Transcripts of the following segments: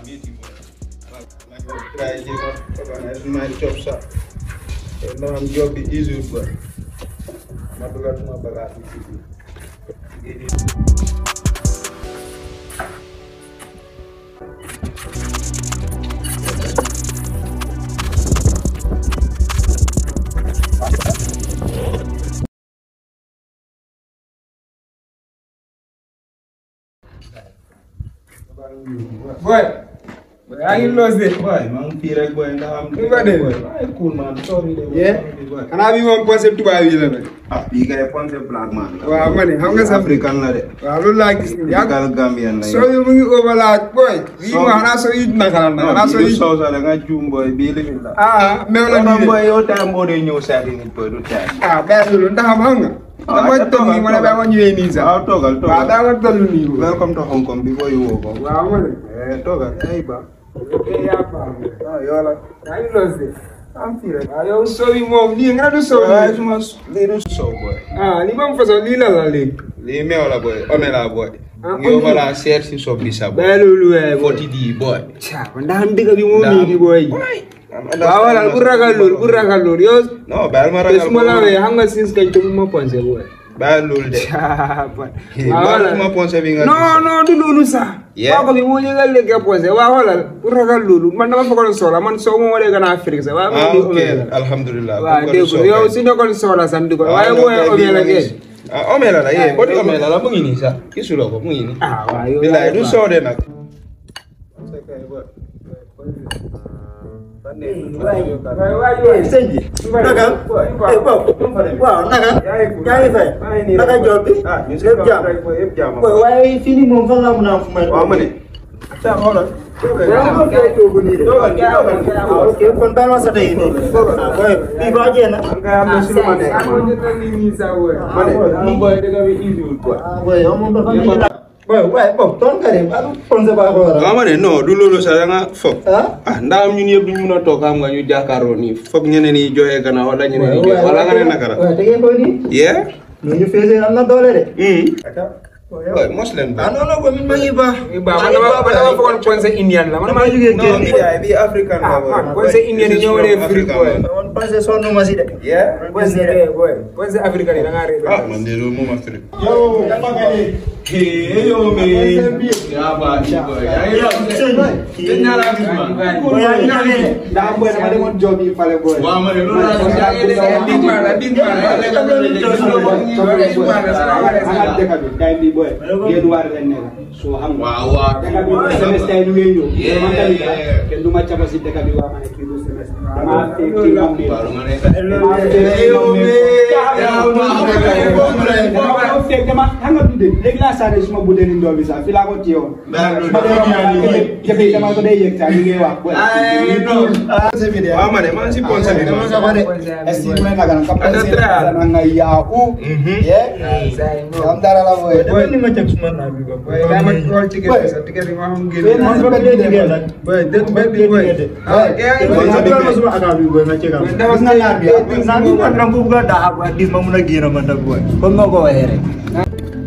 uh, meet you but like I try to organize my job shop. So now I'm job the easy but I'm not going to my bagage. boy. yaa ngi loos de. waay maa ngi fii rek boy ndax am. li nga def waay cool man sorry de. xanaa bi moom concept tubaab yi la nag. ah bii kay concept black man. waaw ma ne xam nga sa africain la de. waaw loolu laa gis. yaa Gambien la soo mu ngi overlaaj boy. bii ma xanaa soo yu naka la xanaa soo yu. soo sa da nga juum boy bii li la. ah meew la bii de. boy yow temps boo dee ñëw saa nit boy du temps. ah benn lu ndax xam nga. waaw mooy toll nii wala daa ma ñëwee nii sax. waaw toogal toogal waaw daa to Hong Kong before you walk off. waaw ma ne. Eh, toogal ay ba. Ah, am fii rek. waaw ah, yow sow yi moom lii nga du sow. waaye ah, su ma lii du booy. ah lii moom façon lii la la léegi. lii meew booy ome booy. ah yow balaa seet si soog eh, bi sa booy. bàyyi loolu waay booy. foti di booy. ndax ndëgg moo nii di booy. waaw voilà bu ragal loolu bu ragal loolu yow. non baal ma ragal ma la waxee xam nga siis kañ te bu ma pensé bu wér. baal loolu de. baal ma pensé bi nga. non non du loolu sax. waaw kooku mu ngi nga lekk a pensé waaw voilà bu ragal loolu man dama fokkoon soxla man soo ma wala gannaaw Afrique sax. waaw ah ok alhamdulilah. waaw dégg nga yow su nekkoon soxla sax di ko waaye mu ngi omee la kay. ah omee la la yee boo eh, di omee la la mu ngi nii sax gisuloo ko mu ngi nii. ah waaw yow yaa ngi du soodee nag. waaye sëñ bi naka waaw naka yaa ngi fay naka joor bi yëpp jaam waaye fii nii moom fan laa mën a am fu may waaw ma ne kon baal ma sa tey nii bii boo jee na am na sulu ma ne ma ne moom dafa waaw waaye boobu toon nga de baal foon sa baaxoo waral. waaw ma ne non du loolu sax da nga foog. ah, ah ndax am ñun yëpp duñ mun a toog xam nga ñu jàkkaarloo nii foog ñeneen yi jooyee gannaaw wala ñeneen yi. wala nga ne naka la waaw tegee ko na doole de. waaw hmm. mos leen baax. ah non non boobu mi ngi la man maa jugee. non bi pensé sonn ma si de. pensé africain da ngaa réer. ah man de loolu moom afrique. yow dafa mel ni. yow Ya ba ya ya te ñaara gis ma ko ya ñaare da am boy dama demoon job yi fale boy wa ma ne loolu la ya ya de di ma la di ma la le ko le di ma la ala de ka bi kay bi boy ngeen war leen ne so xam nga waaw waaw de ka bi semestre yi ngeen ñëw ma tamit kenn du ma caba si de ka bi wa ma ne ki do semestre ma te ki ma bi ma ne te yo me ya ma ko le ko le ko te ma hanga bi de léegi laa saare suma bu de ni ndobi sa fi laa ko teew dama ko day yëg li ngay wax. waaw ma ne maa si ponse bi. ma yaaku. am dara la booy. booy ni ma jëm suma naa bi ko. booy daa nekk lool ci gerte sax diggante maa xam génn. man ba bi diggante la. booy dégg benn bi booy. ah kii ma suma attaque bi booy ma ci gàllankoor. dafa naa bi ah. naa bi ma nangu bu ko daa ab dis ma mun a génn ma nag booy. comme ma ko waxee rek.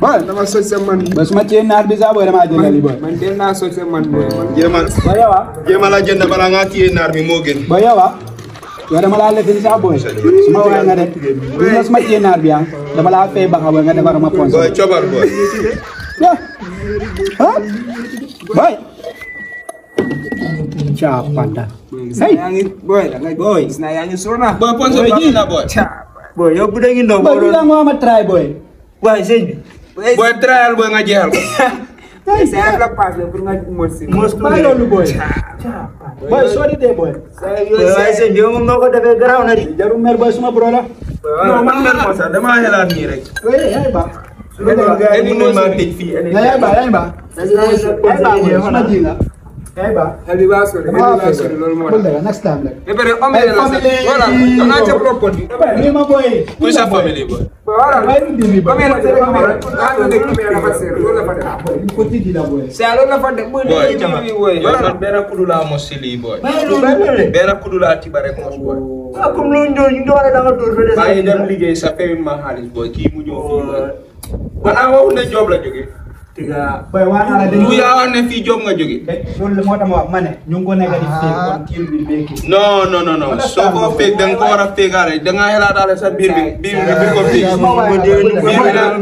boy dama soj sa man ba su ma cee naar bi sax booy damaa jëndali boy man dee naa soj sa man boy jéemal ba yowa jéemal a ah. jënd balaa ngaa téye naar bi moo gën ba yowa ah. yow dama laa lefin sax booy su ma waxee nga de gis nga su ma cee naar bi ah dama laa fay baxa booy nga defar ma ponse boy cobar boy ah boy caapanda hey boy boy gis naa yaa ngi suur na boy ponse bi boy yow bu dee ngi ndaw boy bi daa nga ma try boy waaye sëñ bi booy trial booy nga jeexal ko. c'est la loolu booy. booy soo di dee booy. waaye sëñ bi moom noo ko defee garaaw na di. jarul mer booy suma bro la. non man mer ko sax damaa xelaat nii rek. yaay ba. su ma tëj fii. yaay ba yaay a yaay ba aywa happy birthday happy birthday loolu moo tax dëgg next time rek. ba pare am na yeneen sax voilà on a jëpp loo poti. lii ma booy. muy sa famille booy. voilà comme yéen a jëlee ma rek naa doon dégg mais dafa seer loolu la fa def. ko tigi la booy. c'est alors la fa def booy. booy jama yow benn kudu laa mos si lii booy. benn kudu laa tiba rek mos booy. ah comme loolu ñoo ñu doole da nga door fële. maa ngi dem liggéey sa fay ma xaalis booy kii mu ñëw fii booy. wala waaw ne job la jógee. boy wax na ne fii Diop nga jógee. Eh, loolu moo tax ma wax ma ne. ñu ngi ko nekk di ah. féeg kon kii bi béykat. non non non non soo ko féeg da nga ko war a féegaale da ngaa xelaataale sa biir bi biir bi ko féeg.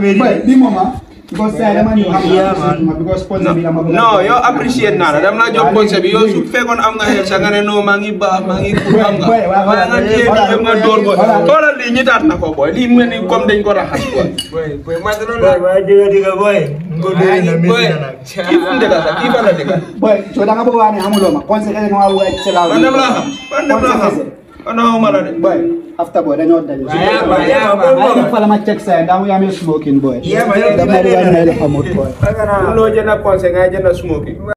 biir bi because say dama ñëw xam nga because sponsor bi dama bëgg non yow apprécié naa la dama la jox sponsor bi yow su fekkoon am nga xel sa nga ne non maa ngi baax maa ngi pour xam nga waaye nga téye di dem nga door ko xoolal lii ñu taat na ko boy lii mel ni comme dañ ko raxas quoi boy boy ma dana la boy diga diga boy ko doy na mi na kii fu ndega sa kii fa la dega boy so da nga bëgg waa ne amuloo ma conseil nga ma waa ci la man dama la xam man dama la xam Ono oh, umala boy. After boy, then you're done. Yeah, boy. Yeah, boy. I look for my check sign. Now we smoking boy. Yeah, boy. The man who made the hammer boy. No, you're not smoking.